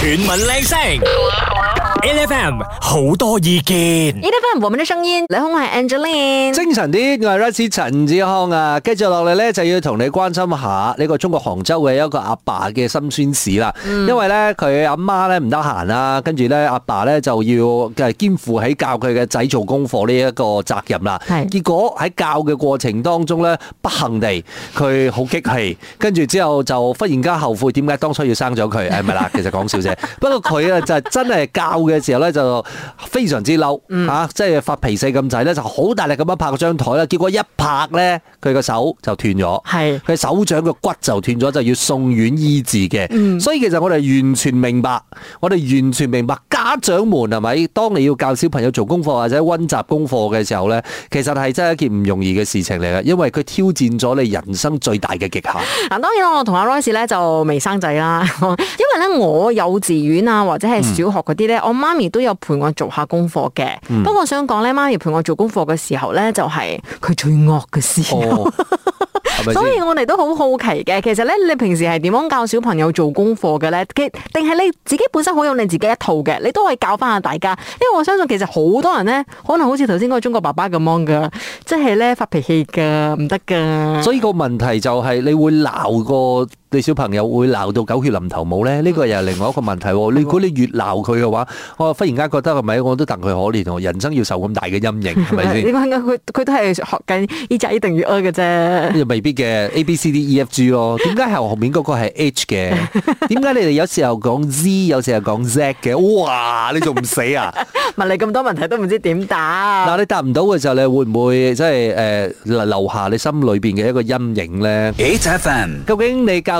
全民靚聲，L F M 好多意見，L F M 我們的聲音，你好，我係 Angeline，精神啲，我係 Razzy 陳子康啊，跟住落嚟咧就要同你關心下呢個中國杭州嘅一個阿爸嘅心酸史啦，因為咧佢阿媽咧唔得閒啦，跟住咧阿爸咧就要係肩負起教佢嘅仔做功課呢一個責任啦，係，結果喺教嘅過程當中咧不幸地佢好激氣，跟住之後就忽然間後悔，點解當初要生咗佢？誒，唔係啦，其實講笑啫。 不過佢就真係教嘅時候咧就非常之嬲，吓即係發脾氣咁滯咧就好大力咁樣拍個張台咧，結果一拍咧佢個手就斷咗，係佢是手掌個骨就斷咗，就要送院醫治嘅。嗯、所以其實我哋完全明白，我哋完全明白家長們係咪？當你要教小朋友做功課或者溫習功課嘅時候咧，其實係真係一件唔容易嘅事情嚟嘅，因為佢挑戰咗你人生最大嘅極限。嗱，當然我同阿 Royce 咧就未生仔啦，因為咧我有。幼稚園啊，或者係小學嗰啲咧，嗯、我媽咪都有陪我做下功課嘅。嗯、不過我想講咧，媽咪陪我做功課嘅時候咧，就係、是、佢最惡嘅時候。哦、 所以我哋都好好奇嘅。其實咧，你平時係點樣教小朋友做功課嘅咧？定係你自己本身好有你自己一套嘅？你都可以教翻下大家，因為我相信其實好多人咧，可能好似頭先嗰個中國爸爸咁樣噶，即係咧發脾氣噶，唔得噶。所以個問題就係你會鬧個對小朋友會鬧到狗血淋頭冇咧？呢個又係另外一個問題喎。你如果你越鬧佢嘅話，我忽然間覺得係咪我都戥佢可憐喎？人生要受咁大嘅陰影係咪先？點解佢佢都係學緊依扎一定與二嘅啫？又未必嘅 A B C D E F G 咯。點解後後面嗰個係 H 嘅？點解你哋有時候講 Z，有時候講 Z 嘅？哇！你仲唔死啊？問你咁多問題都唔知點答。嗱，你答唔到嘅時候咧，你會唔會即係誒留下你心裏邊嘅一個陰影咧？H F M，究竟你教？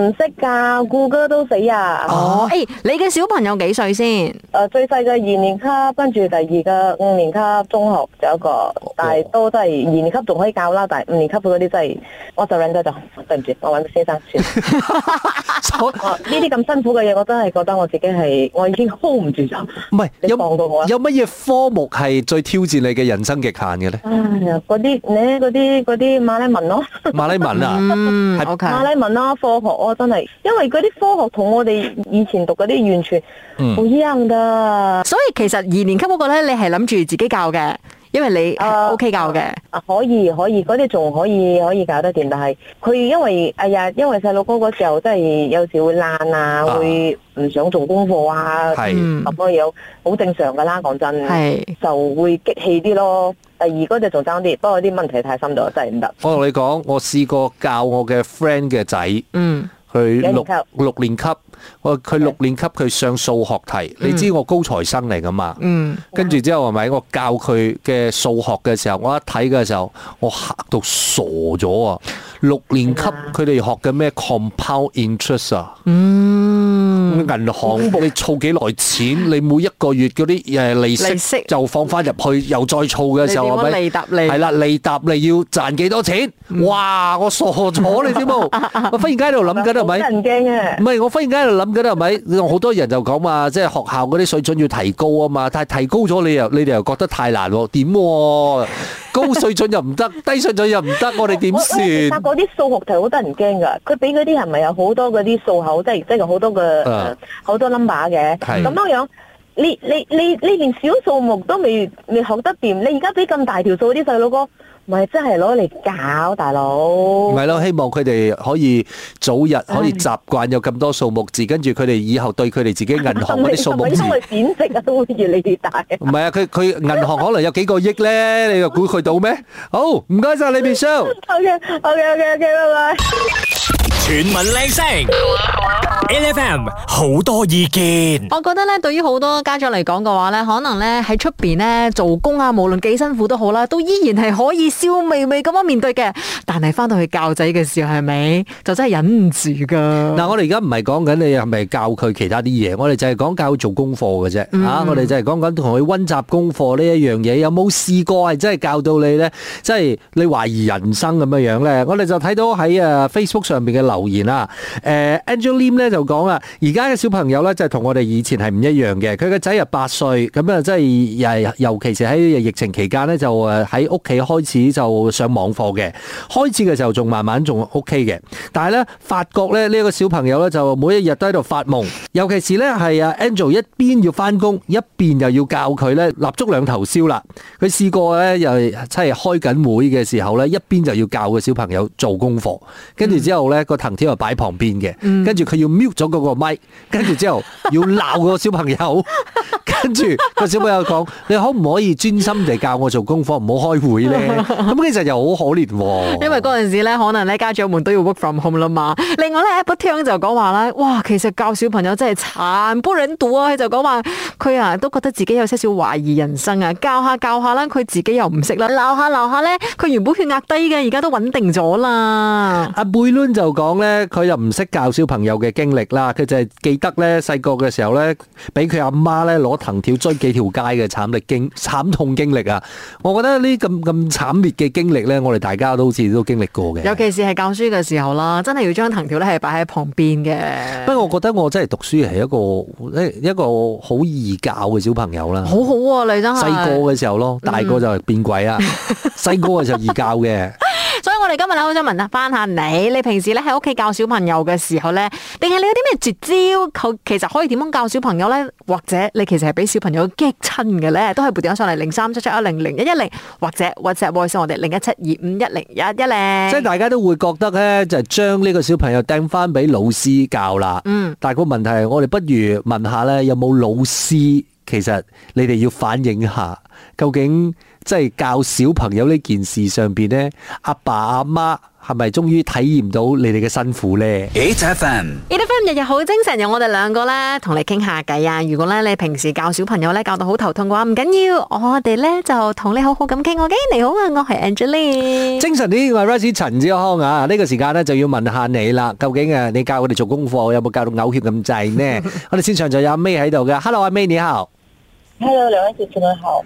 唔識㗎，顧哥都死呀！哦，誒，你嘅小朋友幾歲先？誒，最細嘅二年級，跟住第二個五年級中學，就有一個，但係都都係二年級仲可以教啦，但係五年級嗰啲真係我 surrender 咗，對唔住，我揾唔先生。哦，呢啲咁辛苦嘅嘢，我真係覺得我自己係，我已經 hold 唔住咗。唔係，有有乜嘢科目係最挑戰你嘅人生極限嘅咧？哎呀，嗰啲咧，嗰啲嗰啲馬來文咯，馬來文啊，嗯，O K，馬來文咯，科學。我真係，因為嗰啲科學同我哋以前讀嗰啲完全唔一樣噶。所以其實二年級嗰個咧，你係諗住自己教嘅？因為你係 OK 教嘅。啊，可以可以，嗰啲仲可以可以搞得掂，但係佢因為哎呀，因為細路哥嗰時候真係有時會懶啊，會唔想做功課啊，咁樣有好正常噶啦。講真，就會激氣啲咯。第二嗰隻仲爭啲，不過啲問題太深咗，真係唔得。我同你講，我試過教我嘅 friend 嘅仔。嗯。佢六六年級，佢六年級佢上數學題，Okay. 你知我高材生嚟噶嘛？嗯，mm. 跟住之後係咪我教佢嘅數學嘅時候，我一睇嘅時候，我吓到傻咗啊！六年級佢哋學嘅咩 compound interest 啊？嗯。Mm. 銀行，你儲幾耐錢？你每一個月嗰啲誒利息就放翻入去，又再儲嘅時候，係咪？利答利？係啦，利答利要賺幾多錢？哇！我傻咗你知冇？我忽然間喺度諗緊啦，係咪？好多人驚嘅。唔係，我忽然間喺度諗緊啦，係咪？你同好多人就講話嘛，即係學校嗰啲水準要提高啊嘛。但係提高咗，你又你哋又覺得太難喎？點？高水準又唔得，低水準又唔得，我哋點算？但係嗰啲數學題好得人驚噶，佢俾嗰啲係咪有好多嗰啲數口，即係即係好多嘅。好多 number 嘅，咁樣樣，你你你你連小數目都未未學得掂，你而家俾咁大條數啲細佬哥，唔係真係攞嚟搞，大佬。唔係咯，希望佢哋可以早日可以習慣有咁多數目字，跟住佢哋以後對佢哋自己銀行嗰啲數目字。因為貶值啊，都會越嚟越大。唔係啊，佢佢銀行可能有幾個億咧，你又估佢到咩？好，唔該晒李秘書。OK，OK，OK，OK，拜拜。全民靚聲。L.F.M. 好多意見，我覺得咧，對於好多家長嚟講嘅話咧，可能咧喺出邊咧做工啊，無論幾辛苦都好啦，都依然係可以笑微微咁樣面對嘅。但係翻到去教仔嘅時候，係咪就真係忍唔住噶？嗱、嗯，我哋而家唔係講緊你係咪教佢其他啲嘢，我哋就係講教佢做功課嘅啫。嗯、啊，我哋就係講緊同佢溫習功課呢一樣嘢，有冇試過係真係教到你咧？即係你懷疑人生咁樣樣咧？我哋就睇到喺誒 Facebook 上邊嘅留言啦。誒、啊、Angeline 咧就。講啊，而家嘅小朋友咧就係同我哋以前係唔一樣嘅。佢個仔啊八歲咁啊真係又尤其是喺疫情期間咧，就誒喺屋企開始就上網課嘅。開始嘅時候仲慢慢仲 O K 嘅，但係咧發覺咧呢個小朋友咧就每一日都喺度發夢，尤其是咧係啊 Angel 一邊要翻工，一邊又要教佢咧蠟燭兩頭燒啦。佢試過咧又即係開緊會嘅時候咧，一邊就要教個小朋友做功課，跟住之後咧個藤條又擺旁邊嘅，跟住佢要咗嗰個咪，跟住之後要鬧個小朋友，跟住個小朋友講：你可唔可以專心地教我做功課，唔好開會咧？咁其實又好可憐。因為嗰陣時咧，可能咧家長們都要 work from home 啦嘛。另外咧，Apple 聽就講話咧，哇，其實教小朋友真係慘不忍睹啊，佢就講話佢啊都覺得自己有些少懷疑人生啊，教下教下啦，佢自己又唔識啦，鬧下鬧下咧，佢原本血壓低嘅，而家都穩定咗啦。阿貝倫就講咧，佢又唔識教小朋友嘅經歷。啦，佢就係記得咧細個嘅時候咧，俾佢阿媽咧攞藤條追幾條街嘅慘歷經慘痛經歷啊！我覺得呢咁咁慘烈嘅經歷咧，我哋大家都好似都經歷過嘅。尤其是係教書嘅時候啦，真係要將藤條咧係擺喺旁邊嘅。不過我覺得我真係讀書係一個一一個好易教嘅小朋友啦。好好啊，你真係細個嘅時候咯，大個就變鬼啊。細個嘅時候易教嘅。 所以我哋今日咧，好想問下翻下你，你平時咧喺屋企教小朋友嘅時候咧，定係你有啲咩絕招？佢其實可以點樣教小朋友咧？或者你其實係俾小朋友激親嘅咧？都係撥電話上嚟，零三七七一零零一一零，或者或者外線我哋零一七二五一零一一零。10即係大家都會覺得咧，就係將呢個小朋友掟翻俾老師教啦。嗯，但係個問題係我哋不如問下咧，有冇老師？其實你哋要反映下，究竟？即係教小朋友呢件事上邊咧，阿爸阿媽係咪終於體驗到你哋嘅辛苦咧？Ai FM，Ai FM 日日好精神，由我哋兩個咧同你傾下偈啊！如果咧你平時教小朋友咧教到好頭痛嘅話，唔緊要，我哋咧就同你好好咁傾我驚你好啊，我係 Angela 精神啲啊 Rusty 陳子康啊，呢、呢個時間咧就要問下你啦，究竟啊你教佢哋做功課有冇教到嘔血咁滯呢？ 我哋現場就有阿 May 喺度嘅，Hello 阿 May 你好，Hello 兩位主持人好。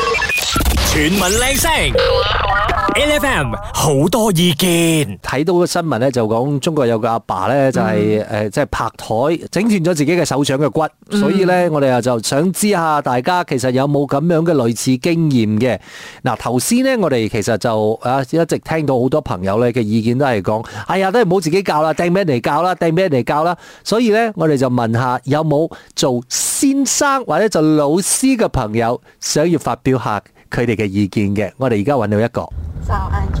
全民靚聲，L F M 好多意見。睇到個新聞咧，就講中國有個阿爸咧、就是嗯呃，就係誒，即係拍台整斷咗自己嘅手掌嘅骨，嗯、所以咧我哋啊就想知下，大家其實有冇咁樣嘅類似經驗嘅嗱。頭先呢，我哋其實就啊一直聽到好多朋友咧嘅意見都，都係講哎呀，都係唔好自己教啦，掟咩嚟教啦，掟咩嚟教啦。所以咧，我哋就問下有冇做先生或者做老師嘅朋友，想要發表下。佢哋嘅意見嘅，我哋而家揾到一個。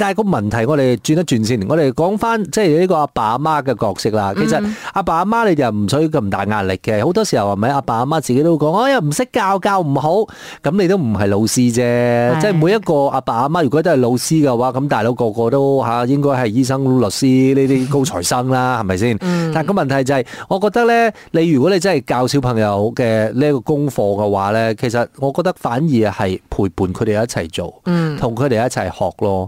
但係個問題，我哋轉一轉先，我哋講翻即係呢個阿爸阿媽嘅角色啦。其實阿爸阿媽你就唔使咁大壓力嘅，好多時候係咪阿爸阿媽自己都講，我又唔識教，教唔好。咁你都唔係老師啫。即係每一個阿爸阿媽，如果都係老師嘅話，咁大佬個個都吓應該係醫生、律師呢啲高材生啦，係咪先？但係個問題就係，我覺得咧，你如果你真係教小朋友嘅呢個功課嘅話咧，其實我覺得反而係陪伴佢哋一齊做，同佢哋一齊學咯。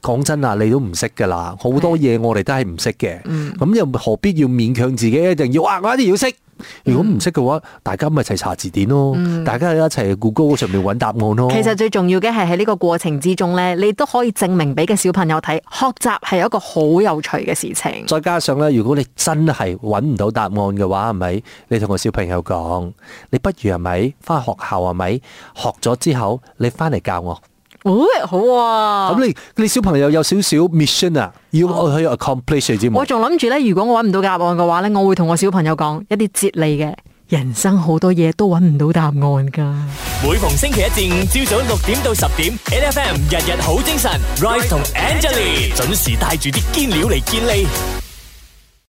講真呀，你都唔識噶啦，好多嘢我哋都係唔識嘅。咁的、嗯、又何必要勉強自己一定要？哇！我一定要識。如果唔識嘅話，嗯、大家咪一齊查字典咯、哦。嗯、大家喺一齊 Google 上面搵答案咯、哦。其實最重要嘅係喺呢個過程之中呢，你都可以證明俾個小朋友睇，學習係一個好有趣嘅事情。再加上呢，如果你真係搵唔到答案嘅話，係咪？你同個小朋友講，你不如係咪翻學校係咪？係咪學咗之後，你翻嚟教我？哦，好啊！咁你你小朋友有少少 mission 啊，要佢去 accomplish 知之嘛？能我仲諗住咧，如果我搵唔到答案嘅話咧，我會同我小朋友講一啲哲理嘅。人生好多嘢都搵唔到答案噶。每逢星期一至五，朝早六點到十點，N F M 日日好精神，Rise 同 Angelie 準時帶住啲堅料嚟見你。